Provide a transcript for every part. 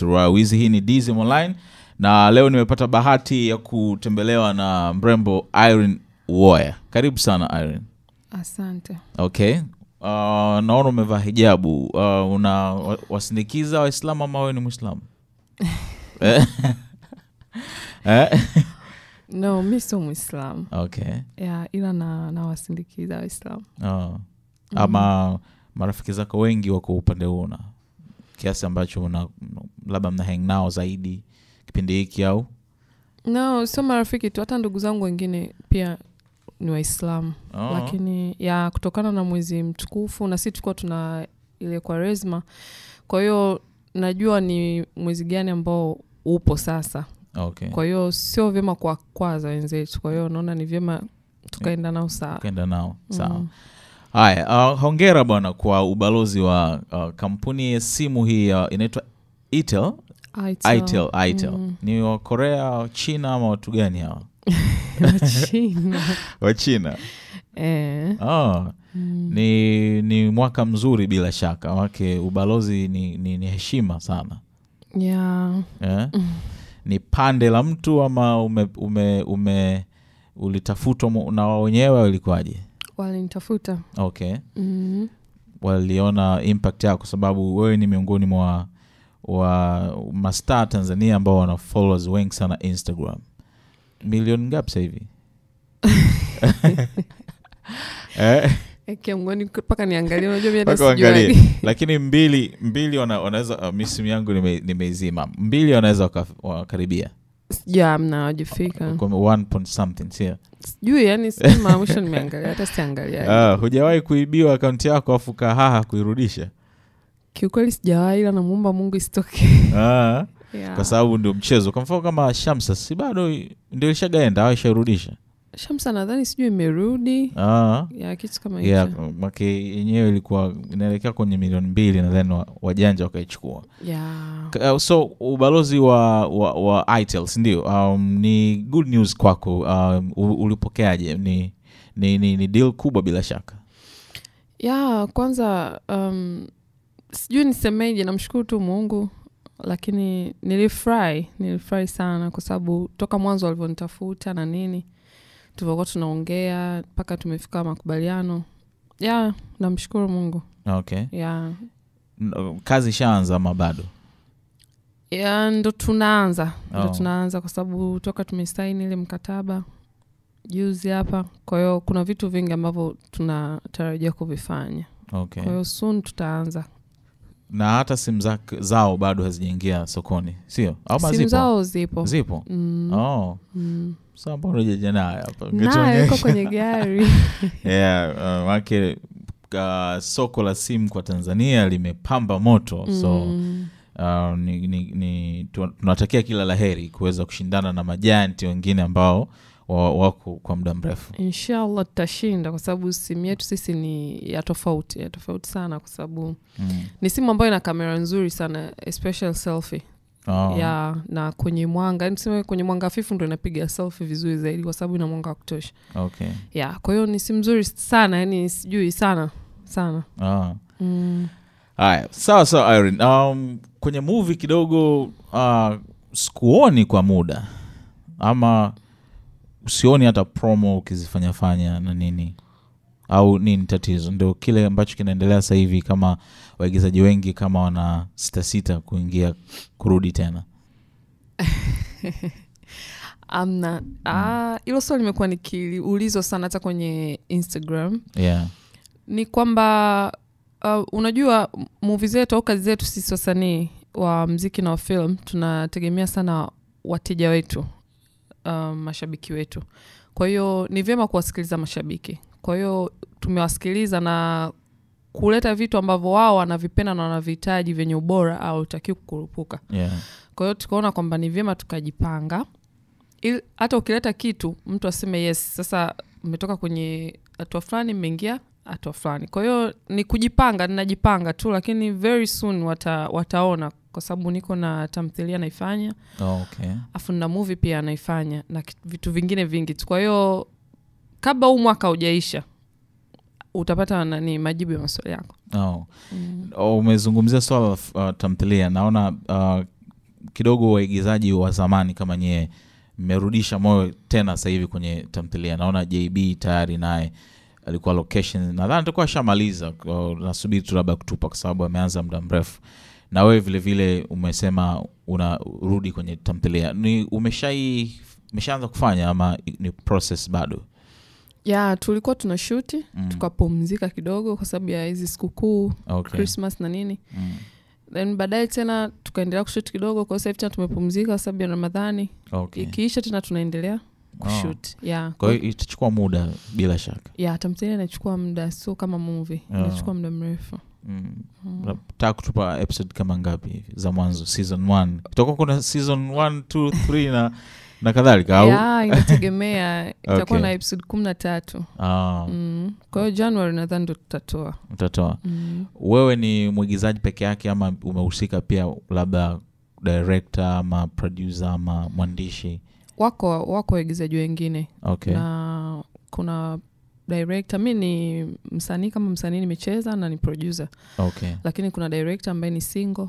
la Hii ni Dizzy Online na leo nimepata bahati ya kutembelewa na mrembo Irene Uwoya. Karibu sana Irene. Asante. Okay. Uh, naona umevaa hijabu uh, una wasindikiza Waislamu ama wewe ni Mwislamu? Eh? Eh? no, mi sio Mwislamu. Okay. Yeah, ila na Waislamu. Oh. Ama mm -hmm. marafiki zako wengi wako upande huo na kiasi ambacho una labda mna hang nao zaidi kipindi hiki au no sio marafiki tu hata ndugu zangu wengine pia ni waislamu oh. lakini ya kutokana na mwezi mtukufu na si tukuwa tuna ile kwaresma kwa hiyo najua ni mwezi gani ambao upo sasa okay. kwa hiyo sio vyema kwa kwaza wenzetu kwa hiyo naona ni vyema tukaenda nao sawa tukaenda nao sawa mm. Haya, uh, hongera bwana kwa ubalozi wa uh, kampuni ya simu hii uh, inaitwa Itel. Itel. Itel, Itel. Mm. Ni wa Korea, China ama watu gani hawa? wa china Eh. Oh. Mm. Ni, ni mwaka mzuri bila shaka wake ubalozi ni, ni, ni heshima sana yeah. Eh? Mm. ni pande la mtu ama ume, ume, ume ulitafutwa na wenyewe ulikuwaje? walinitafuta okay mm-hmm. waliona impact yao kwa sababu wewe ni miongoni mwa wa masta tanzania ambao wana followers wengi sana instagram milioni ngapi sahivi eh? mpaka niangalie unajuaangalie lakini mbili mbili wanaweza ah, misimu yangu nimeizima mbili wanaweza wakaribia waka hujawai ah, hujawahi kuibiwa akaunti yako afu kahaha kuirudisha kiukweli sijawahi ila namuumba mungu isitoke ah. yeah. kwa sababu ndio mchezo kwa mfano kama shamsa si bado ndio ishagaenda au ishairudisha shamsa nadhani sijui imerudi ah. kitu kama make yenyewe ilikuwa inaelekea kwenye milioni mbili nadhani wajanja wakaichukua yeah. Uh, so ubalozi wa, wa, wa itel sindio um, ni good news kwako um, ulipokeaje ni, ni, ni, ni deal kubwa bila shaka ya yeah, kwanza um, sijui nisemeje namshukuru tu mungu lakini nilifurahi nilifurahi sana kwa sababu toka mwanzo walivyonitafuta na nini tulivokuwa tunaongea mpaka tumefika makubaliano ya yeah, namshukuru mungu okay yeah. no, kazi ishaanza ama bado yeah, ndo tunaanza oh. ndo tunaanza kwa sababu toka tumesaini ile mkataba juzi hapa kwahiyo kuna vitu vingi ambavyo tunatarajia kuvifanya okay. kwahiyo sun tutaanza na hata simu zao bado hazijaingia sokoni sio zipo zao zipo zipo mm. Oh. Mm sampanajeja nayo hapa nayo kwenye gari yeah, uh, uh, soko la simu kwa tanzania limepamba moto mm. so uh, ni, ni, ni, tunatakia kila laheri kuweza kushindana na majanti wengine ambao wako kwa muda mrefu inshallah tutashinda kwa sababu simu yetu sisi ni ya tofauti ya tofauti sana kwa sababu mm. ni simu ambayo ina kamera nzuri sana especially selfie oh. ya na kwenye mwanga niseme yaani kwenye mwanga hafifu ndo inapiga selfi vizuri zaidi kwa sababu ina mwanga wa kutosha okay. ya kwa hiyo ni simu mzuri sana yani sijui sana sana oh. mm. sawa sawa Irene. um, kwenye movie kidogo uh, sikuoni kwa muda ama usioni hata promo ukizifanyafanya na nini au nini tatizo ndo kile ambacho kinaendelea sasa hivi kama waigizaji wengi kama wana sita sita kuingia kurudi tena amna hilo hmm. ah, mm. swali limekuwa nikiliulizwa sana hata kwenye instagram yeah. ni kwamba uh, unajua muvi zetu au kazi zetu sisi wasanii wa mziki na wafilm tunategemea sana wateja wetu uh, mashabiki wetu kwa hiyo ni vyema kuwasikiliza mashabiki kwa hiyo tumewasikiliza na kuleta vitu ambavyo wao wanavipenda na wanavihitaji vyenye ubora au hautakiwi kukurupuka yeah. kwahiyo tukaona kwamba ni vyema tukajipanga hata ukileta kitu mtu aseme yes sasa mmetoka kwenye hatua fulani mmeingia hatua fulani kwa hiyo ni kujipanga ninajipanga tu lakini very soon wata, wataona kwa sababu niko na tamthilia naifanya oh, okay. afu na muvi pia anaifanya na vitu vingine vingi tu kwa hiyo kabla huu mwaka ujaisha utapata nani majibu ya maswali yako oh. mm. umezungumzia swala uh, tamthilia naona uh, kidogo waigizaji wa zamani kama nyee mmerudisha moyo tena sasa hivi kwenye tamthilia naona jb tayari naye alikuwa location nadhani takuwa ashamaliza uh, nasubiri tu labda kutupa kwa sababu ameanza muda mrefu na wewe vile vile umesema unarudi kwenye tamthilia ni umeshai umeshaanza kufanya ama ni process bado ya yeah, tulikuwa tuna shuti mm. tukapumzika kidogo kwa sababu ya hizi sikukuu okay. Christmas na nini mm. then baadaye tena tukaendelea kushuti kidogo kwao sahivi tena tumepumzika kwa sababu ya ramadhani okay. ikiisha tena tunaendelea kushuti oh. yeah. kwa itachukua muda bila shaka ya yeah, tamthilia inachukua muda sio kama movie oh. inachukua muda mrefu Mm. Mm. taa kutupa episode kama ngapi za mwanzo season one kutoka kuna season one two three na na kadhalika au inategemea itakuwa okay. na episod kumi na tatu ah. mm. kwa hiyo nadhani ndo tutatoa utatoa mm. wewe ni mwigizaji peke yake ama umehusika pia labda director ama producer ama mwandishi wako wako waigizaji wengine okay. na kuna director mi ni msanii kama msanii nimecheza na ni producer okay. lakini kuna direkta ambaye ni single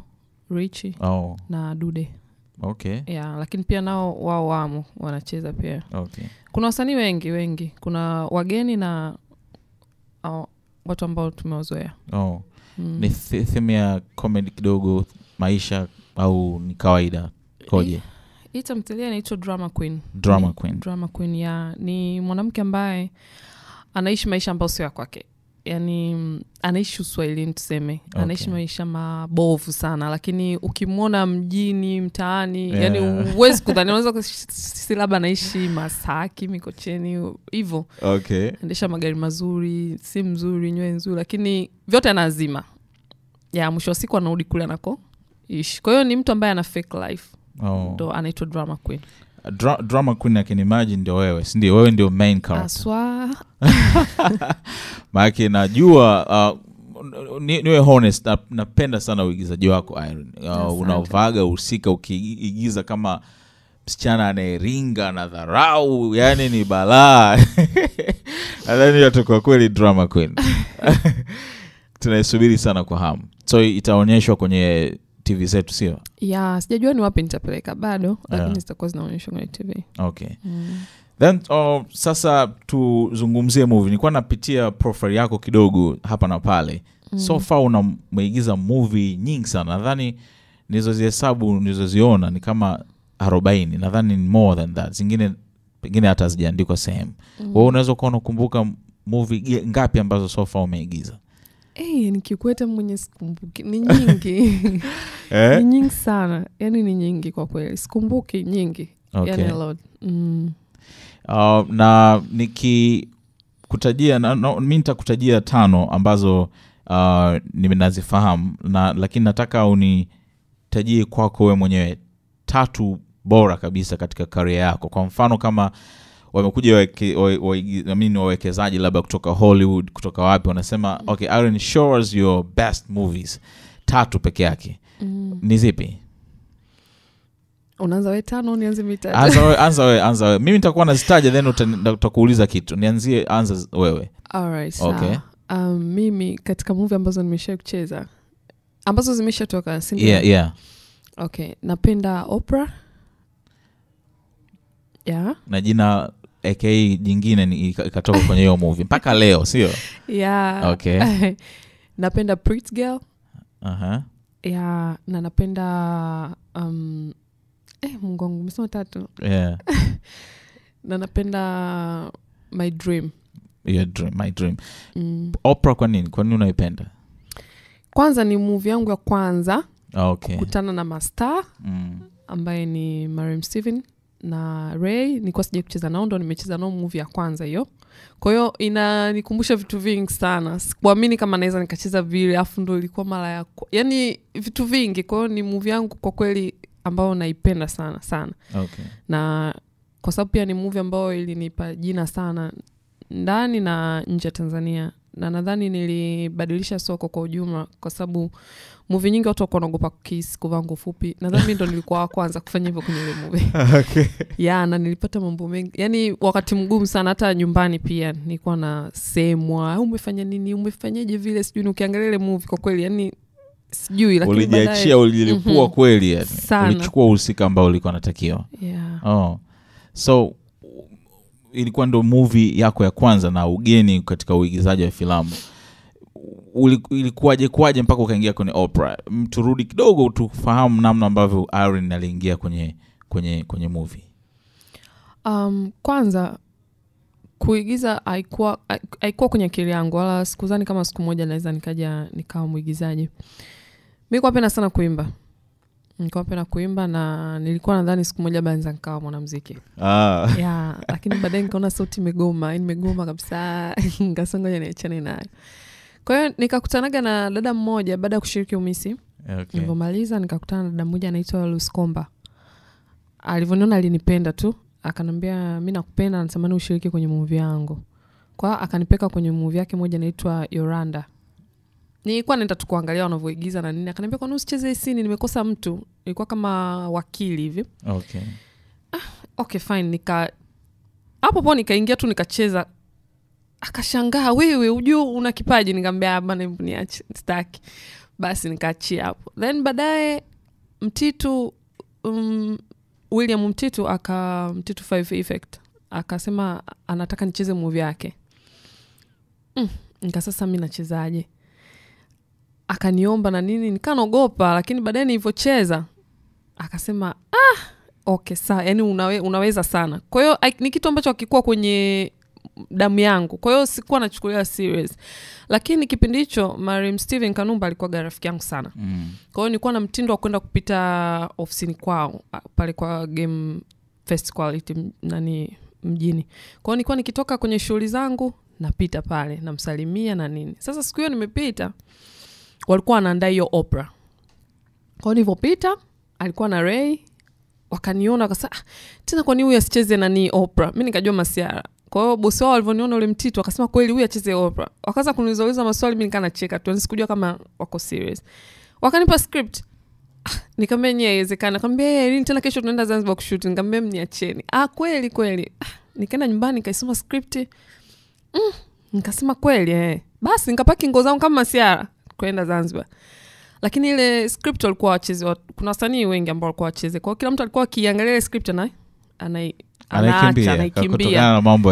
richi oh. na dude okay. yeah, lakini pia nao wao wamo wanacheza pia okay. kuna wasanii wengi wengi kuna wageni na au, watu ambao tumewazoea oh. mm. ni theme ya comedy kidogo maisha au ni kawaida koje hii tamthilia inaitwa drama queen drama queen drama queen ya ni mwanamke ambaye anaishi maisha ambayo sio ya kwake yani anaishi uswahilini tuseme okay. anaishi maisha mabovu sana lakini ukimwona mjini mtaani yeah. yani huwezi kudhani unaweza si labda anaishi masaki mikocheni hivo okay. endesha magari mazuri si mzuri nywe nzuri lakini vyote anazima ya mwisho wa siku anarudi kule anako ishi kwa hiyo ni mtu ambaye ana fake life oh. ndo oh. anaitwa drama queen dra drama queen akinimajini ndio wewe sindio wewe ndio main maake najua uh, ni, niwe honest napenda sana uigizaji wako uh, unavaga uhusika ukiigiza kama msichana anayeringa na dharau yani ni balaa nadhani yatakuwa kweli drama queen tunaisubiri sana kwa hamu so itaonyeshwa kwenye tv zetu sio ya yeah, sijajua ni wapi nitapeleka bado ah. lakini zitakuwa zinaonyeshwa kwenye tv okay mm. then oh, sasa tuzungumzie movie nikuwa napitia profile yako kidogo hapa na pale mm. so far unameigiza movie nyingi sana nadhani nilizozihesabu nilizoziona ni kama arobaini nadhani more than that zingine pengine hata hazijaandikwa sehemu mm. kwao unaweza ukawa unakumbuka movie ngapi ambazo so sofa umeigiza hey, eh, nikikweta mwenye sikumbuki ni nyingi eh? ni nyingi sana yani ni nyingi kwa kweli sikumbuki nyingi yaani okay. yani Mm. Uh, na nikikutajia no, mi nitakutajia tano ambazo uh, ninazifahamu na lakini nataka unitajie kwako we mwenyewe tatu bora kabisa katika karia yako kwa mfano kama wamekuja wawekezaji waweke, waweke labda kutoka hollywood kutoka wapi wanasema mm. okay Aaron, show us your best movies tatu peke yake mm. ni zipi unaanza we tano nianze mitatuanza wewe anza wewe mimi nitakuwa nazitaja then utakuuliza kitu nianzie anza wewe All Alright, okay. so, um, mimi katika movie ambazo nimesha kucheza ambazo zimeshatoka yeah, yeah. okay napenda opera yeah. na jina aka jingine ni- ikatoka kwenye hiyo movie mpaka leo sio yeah. Okay. napenda Pretty Girl Aha. yeah, na napenda um, eh, mungu wangu mesema tatu yeah. na napenda my dream Your dream, my dream mm. opera kwa nini kwa nini unaipenda kwanza ni movie yangu ya kwanza okay. kukutana na mastar mm. ambaye ni mariam steven na ray nikuwa sija kucheza nao ndo nimecheza nao muvi ya kwanza hiyo kwahiyo inanikumbusha vitu vingi sana sikuamini kama naweza nikacheza vile afu ndo ilikuwa mara ya yani vitu vingi kwahiyo ni muvi yangu kwa kweli ambayo naipenda sana sana okay. na kwa sababu pia ni muvi ambayo ilinipa jina sana ndani na nje ya tanzania na nadhani nilibadilisha soko kwa ujumla kwa sababu muvi nyingi watu wakuwa naogopa kukis kuvaa nguo fupi nadhani mi ndo nilikuwa wa kwanza kufanya hivyo kwenye ile muvi okay. ya na nilipata mambo mengi yani wakati mgumu sana hata nyumbani pia nilikuwa semwa ah, umefanya nini umefanyaje vile sijui ukiangalia ile muvi kwa kweli yani sijui ulijiachia mm-hmm. kweli yaani. ulichukua uhusika ambao ulikuwa natakiwa yeah. oh. so ilikuwa ndo muvi yako ya kwanza na ugeni katika uigizaji wa filamu ilikuwaje kwaje mpaka ukaingia kwenye opera? Turudi kidogo tufahamu namna ambavyo Irene aliingia kwenye kwenye kwenye muvi Um, kwanza kuigiza haikuwa kwenye akili yangu, wala sikuzani kama siku moja naweza nikaja nikawa mwigizaji. Mi napenda sana kuimba, nilikuwa kuimba na nilikuwa nadhani siku moja baza nikawa mwanamziki ah. Yeah, lakini baadaye nikaona sauti imegoma, nimegoma yaani kabisa nikasongoja niachane nayo kwahiyo nikakutanaga na dada mmoja baada ya kushiriki Umisi. Okay. Nilivyomaliza nikakutana na dada mmoja anaitwa Luskomba. Alivyoniona alinipenda tu, akanambia mi nakupenda, natamani ushiriki kwenye muvi yangu. Kwa akanipeka kwenye muvi yake moja naitwa Yoranda. Nilikuwa naenda tu kuangalia wanavyoigiza na nini, akaniambia kwani usicheze hii sini, nimekosa mtu. Ilikuwa kama wakili hivi. Okay. Ah, okay fine, nika hapo po nikaingia tu nikacheza akashangaa wewe ujuu una kipaji nikaambia bana niache sitaki basi nikaachia hapo then baadaye mtitu um, william mtitu aka mtitu five effect akasema anataka nicheze muvi yake mm, nika sasa mi nachezaje akaniomba na nini nikanogopa lakini baadaye nilivyocheza akasema ah okay saa yani unawe, unaweza sana kwa hiyo ni kitu ambacho akikuwa kwenye damu yangu, kwa hiyo sikuwa nachukulia serious. Lakini kipindi hicho marim Steven Kanumba alikuwa rafiki yangu sana mm. Kwa hiyo nilikuwa na mtindo wa kwenda kupita ofisini kwao pale kwa Game Fest Quality nani mjini. Kwa hiyo nilikuwa nikitoka kwenye shughuli zangu napita pale namsalimia na nini. Sasa siku hiyo nimepita, walikuwa wanaandaa hiyo opera. Kwa hiyo nilivyopita alikuwa na Ray wakaniona wakasema, ah, tena kwa nini huyu asicheze nani opera? Mi nikajua masiara kwa hiyo bosi wao walivyoniona ule mtito akasema kweli huyu acheze opra wakaanza kuniuliza maswali mi nikaa nacheka tu sikujua kama wako serious wakanipa script ah, nikamwambia nyie haiwezekana kaambia lini eh, tena kesho tunaenda zanzibar kushuti nikamwambia mniacheni ah kweli kweli ah, nikaenda nyumbani nikaisoma script mm, nikasema kweli eh. basi nikapaki nguo zangu kama masiara kwenda zanzibar lakini ile script walikuwa wacheze kuna wasanii wengi ambao walikuwa wacheze kwao kila mtu alikuwa akiangalia ile script ana, ana mambo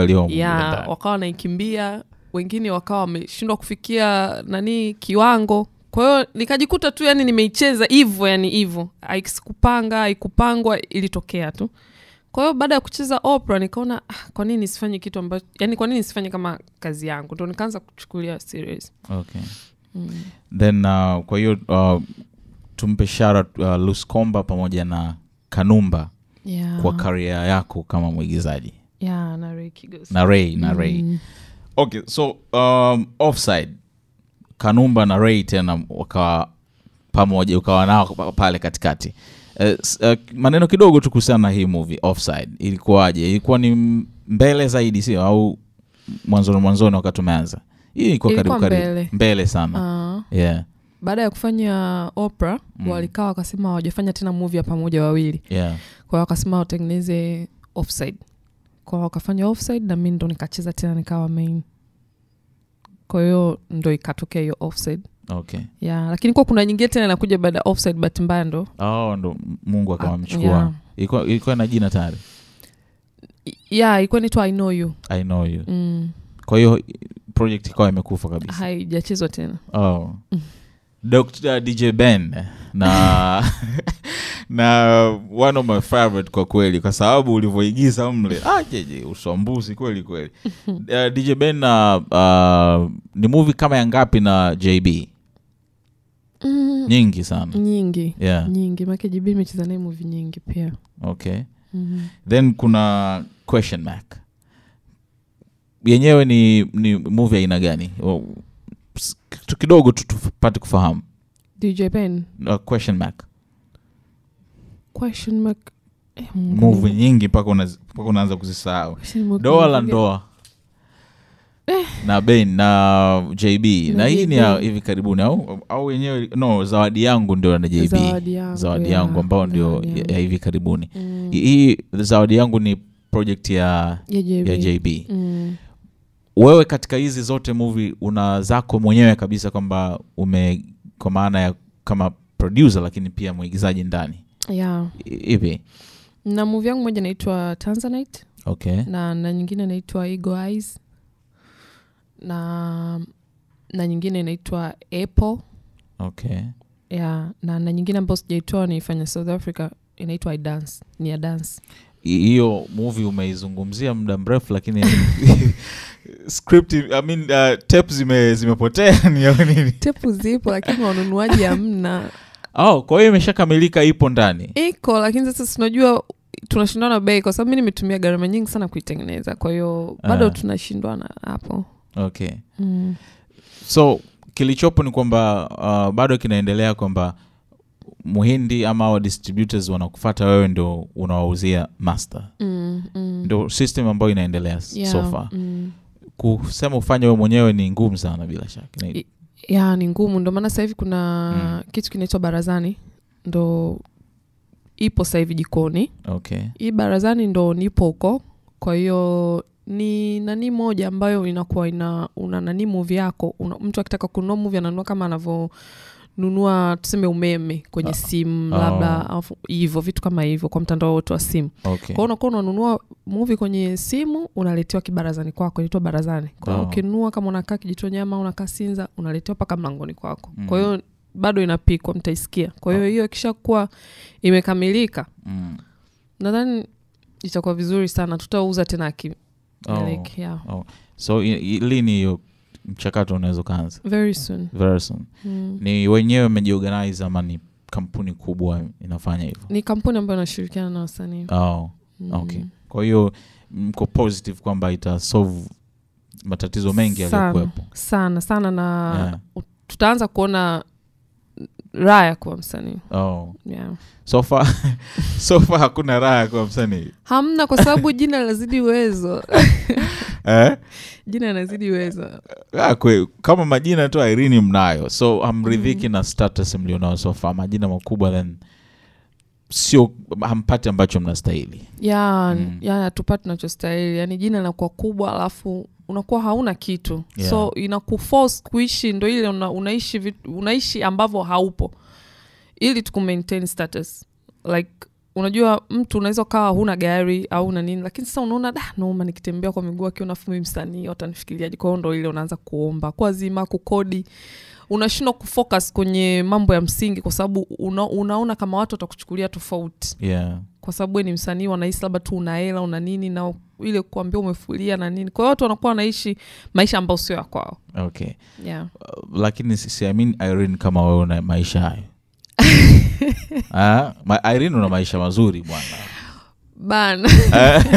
wakawa wanaikimbia wengine wakawa wameshindwa kufikia nani kiwango kwa hiyo nikajikuta tu yani nimeicheza hivo yani hivo aikupanga aikupangwa ilitokea tu kwa hiyo baada ya kucheza opera nikaona ah, kwa nini kitu ambacho yani kwa nini kama kazi yangu ndo nikaanza kuchukulia okay. mm. then uh, kwa hiyo uh, tumpe shara uh, luscomba pamoja na kanumba yeah. kwa karia yako kama mwigizaji yeah, na rei na rei na mm. okay so um, offside kanumba na rei tena wakawa pamoja ukawa nao pale katikati uh, uh, maneno kidogo tu kuhusiana na hii movie offside ilikuwaje ilikuwa ni mbele zaidi sio au mwanzoni mwanzoni wakati umeanza hii ilikuwa karibu karibu mbele sana uh. yeah baada ya kufanya opera mm. walikaa wakasema wajafanya tena movie ya pamoja wawili yeah. kwao wakasema watengeneze offside kwao wakafanya offside na mi ndo nikacheza tena nikawa main kwahiyo ndo ikatokea hiyo offside okay yeah, lakini kuwa kuna nyingine tena inakuja baada ya offside bahati mbaya ndo oh, ndo mungu ah, akamchukua yeah. ilikuwa, na jina tayari ya yeah ilikuwa inaitwa ino yu ino yu mm. kwa hiyo project ikawa imekufa kabisa haijachezwa tena oh. mm Dr. DJ Ben na na one of my favorite kwa kweli, kwa sababu ulivyoigiza mle ah, jeje usambuzi kweli kweli. Uh, DJ Ben na uh, ni movie kama ya ngapi na JB? Mm, nyingi sana nyingi yeah. nyingi make JB imecheza naye movie nyingi pia. Okay. Mm -hmm. Then kuna question mark yenyewe ni, ni movie aina gani? Oh tu kidogo tu tupate kufahamu dj eh, nyingi mpaka unaanza kuzisahau doa la ndoa eh. na ben na jb na, na hii ni hivi karibuni au au wenyewe no zawadi yangu ndio na jb zawadi yangu, ambao ndio ya, ya hivi karibuni mm. hii zawadi yangu ni project ya, ya jb, ya JB. Mm wewe katika hizi zote movie una zako mwenyewe kabisa kwamba ume kwa maana ya kama producer lakini pia mwigizaji ndani yeah. hivi na movie yangu moja inaitwa Tanzanite. Okay. na na nyingine inaitwa ego Eyes na na nyingine inaitwa Apple. Okay. Yeah, na na nyingine ambayo sijaitoa naifanya South Africa inaitwa I Dance, ni ya dance hiyo movie umeizungumzia muda mrefu lakini script I mean, uh, tape zime zimepotea nini zipo lakini wanunuaji hamna oh, kwa hiyo imeshakamilika ipo ndani iko lakini sasa sinajua na bei kwa sababu mi nimetumia gharama nyingi sana kuitengeneza kwa hiyo bado ah. tunashindana hapo okay mm. so kilichopo ni kwamba uh, bado kinaendelea kwamba muhindi ama wa distributors wanakufata wewe ndo unawauzia master mm, mm. ndo system ambayo inaendelea yeah, so far mm. kusema ufanye wewe mwenyewe ni ngumu sana bila shaka I, ya ni ngumu ndo maana hivi kuna mm. kitu kinaitwa barazani ndo ipo hivi jikoni okay. hii barazani ndo nipo huko kwa hiyo ni nani moja ambayo inakuwa ina una nani muvi yako una, mtu akitaka kununua movie ananua kama anavyo nunua tuseme umeme kwenye ah, simu labda hivo ah. hivyo vitu kama hivyo kwa mtandao wote wa simu okay. kwao unakuwa unanunua muvi kwenye simu unaletewa kibarazani kwako inaitwa barazani kwao ah. ukinunua kama unakaa nyama unakaa sinza unaletewa mpaka mlangoni kwako mm. kwa hiyo bado inapikwa mtaisikia kwa hiyo ah. hiyo ikishakuwa imekamilika mm. nadhani itakuwa vizuri sana tutauza tena akimiliki oh. yeah. oh. so ili ni hiyo mchakato unaweza ukaanza Mm. ni wenyewe mejiorganize ama ni kampuni kubwa inafanya hivyo ni kampuni ambayo inashirikiana na wasanii oh. mm. okay. kwa hiyo mko positive kwamba itasolve matatizo mengi yaliyokuwepo sana sana na yeah. tutaanza kuona raya kuwa msanii oh. yeah. hakuna raya kuwa msanii hamna kwa sababu jina lazidi uwezo eh? jina nazidi weza ah, kwe, kama majina tu airini mnayo so amridhiki mm. na status mlionao sofa majina makubwa then sio hampati ambacho mnastahili ya mm. ya yani jina linakuwa kubwa alafu unakuwa hauna kitu yeah. so inakuforce kuishi ndo ile una, unaishi, unaishi ambavyo haupo ili tuku status like unajua mtu unaweza ukawa huna gari au na nini lakini sasa unaona da noma nikitembea kwa miguu akiona fumi msanii watanifikiriaje kwao ndo ile unaanza kuomba kwazima kukodi unashindwa kufocus kwenye mambo ya msingi kwa sababu una, unaona kama watu watakuchukulia tofauti yeah. kwa sababu ni msanii wanahisi labda tu unahela una nini na ile kuambia umefulia na nini kwao watu wanakuwa wanaishi maisha ambayo sio ya kwao okay. yeah. uh, lakini siamini Irene kama wewe una maisha hayo ah, Irene una maisha mazuri bwana bana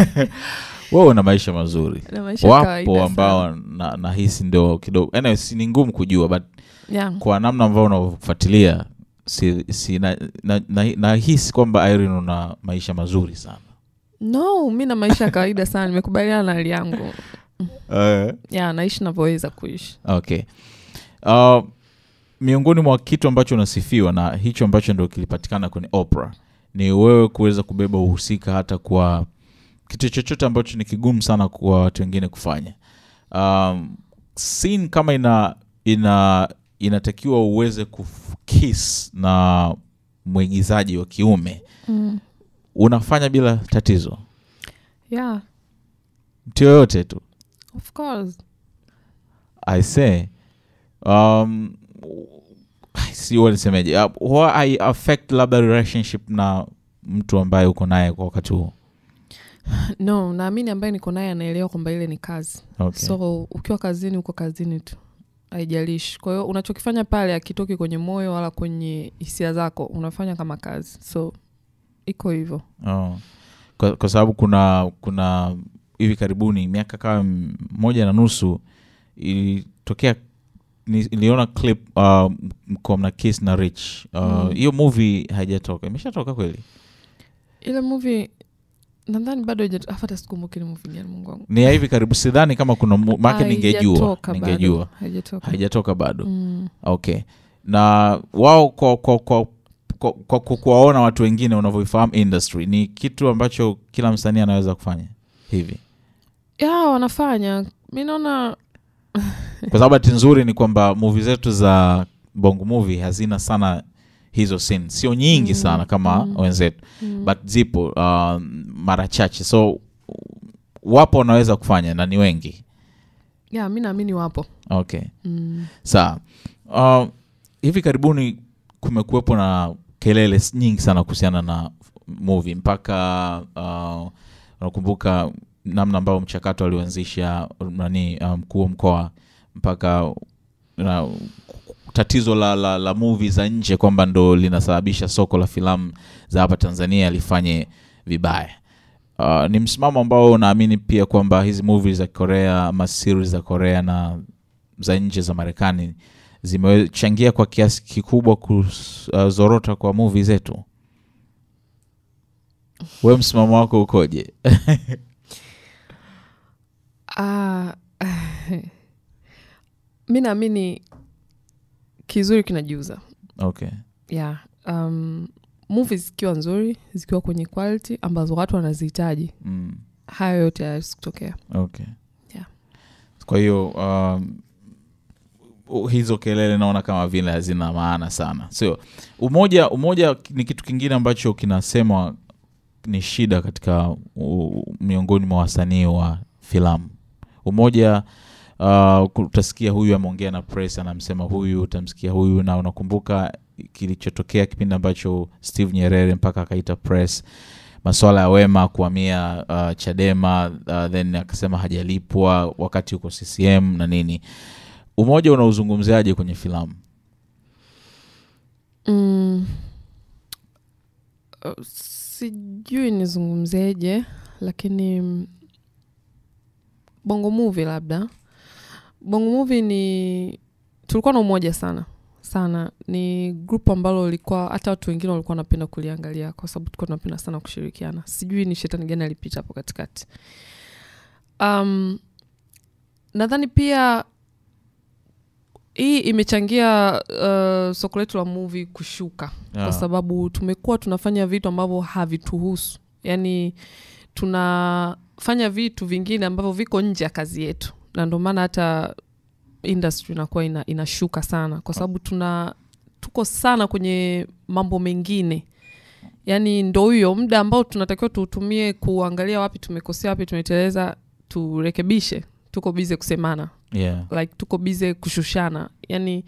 wewe una maisha mazuri na maisha wapo ambao nahisi na ndio kidogo anyway, si ni ngumu kujua but yeah. kwa namna ambao unaofuatilia si, si, nahisi na, na, na, kwamba Irene una maisha mazuri sana no mi na maisha ya kawaida sana nimekubaliana na hali yangu uh, ya naishi navyoweza kuishi okay uh, miongoni mwa kitu ambacho unasifiwa na hicho ambacho ndio kilipatikana kwenye opera ni wewe kuweza kubeba uhusika hata kwa kitu chochote ambacho ni kigumu sana kwa watu wengine kufanya um, scene kama ina ina inatakiwa uweze kukis na mwigizaji wa kiume mm. unafanya bila tatizo yeah. mtu yoyote tu of course i say um, siu uh, I affect labda relationship na mtu ambaye uko naye kwa wakati huo? No, naamini ambaye niko naye anaelewa kwamba ile ni kazi. Okay. So ukiwa kazini, uko kazini tu aijalishi Kwa hiyo unachokifanya pale akitoki kwenye moyo wala kwenye hisia zako, unafanya kama kazi, so iko hivyo. Oh. Kwa, kwa sababu kuna kuna hivi karibuni miaka kama moja na nusu ilitokea niliona clip uh, mko mna kiss na rich hiyo uh, mm. movie haijatoka imeshatoka kweli ile movie nadhani bado hata sikumbuki ni movie gani mungu wangu ni ya hivi karibu sidhani kama kuna make ningejua ningejua haijatoka bado mm. okay na wao kwa kwa kwa kwa kuwaona watu wengine unavyoifahamu industry ni kitu ambacho kila msanii anaweza kufanya hivi ya wanafanya mi naona kwa sababu hati nzuri ni kwamba muvi zetu za bongo muvi hazina sana hizo sin sio nyingi mm. sana kama mm. wenzetu mm. but zipo uh, mara chache, so wapo wanaweza kufanya na ni wengi yeah, mi naamini wapo. Okay mm. sawa. Uh, um, hivi karibuni kumekuwepo na kelele nyingi sana kuhusiana na muvi mpaka uh, namna ambayo mchakato alioanzisha nani uh, mkuu um, wa mkoa mpaka na, tatizo la, la, la movie za nje kwamba ndo linasababisha soko la filamu za hapa Tanzania lifanye vibaya. Uh, ni msimamo ambao naamini pia kwamba hizi movie za Korea ama series za Korea na za nje za Marekani zimechangia kwa kiasi kikubwa kuzorota kwa movie zetu. We msimamo wako ukoje? uh, mi naamini kizuri kinajiuza okay. yeah. um, movi zikiwa nzuri zikiwa kwenye quality ambazo watu wanazihitaji mm. hayo yote hayawezi kutokea okay. yeah. kwa hiyo um, hizo kelele naona kama vile hazina maana sana sio umoja umoja ni kitu kingine ambacho kinasemwa ni shida katika u, miongoni mwa wasanii wa filamu umoja uh, utasikia huyu ameongea na press anamsema huyu, utamsikia huyu, na unakumbuka kilichotokea kipindi ambacho Steve Nyerere mpaka akaita press masuala ya Wema kuhamia uh, Chadema uh, then akasema hajalipwa wakati uko CCM na nini. Umoja unauzungumziaje kwenye filamu? Mm, uh, sijui nizungumzeje, lakini mm, Bongo Movie labda Bongo Movie ni tulikuwa na umoja sana sana, ni grupu ambalo lilikuwa hata watu wengine walikuwa wanapenda kuliangalia kwa sababu tulikuwa tunapenda sana kushirikiana. Sijui ni shetani gani alipita hapo katikati. Um, nadhani pia hii imechangia uh, soko letu la movie kushuka yeah. Kwa sababu tumekuwa tunafanya vitu ambavyo havituhusu, yaani tunafanya vitu vingine ambavyo viko nje ya kazi yetu na ndio maana hata industry inakuwa ina, inashuka sana kwa sababu tuna tuko sana kwenye mambo mengine yaani ndo huyo muda ambao tunatakiwa tuutumie kuangalia wapi tumekosea wapi tumeteleza turekebishe tuko bize kusemana yeah. like tuko bize kushushana yaani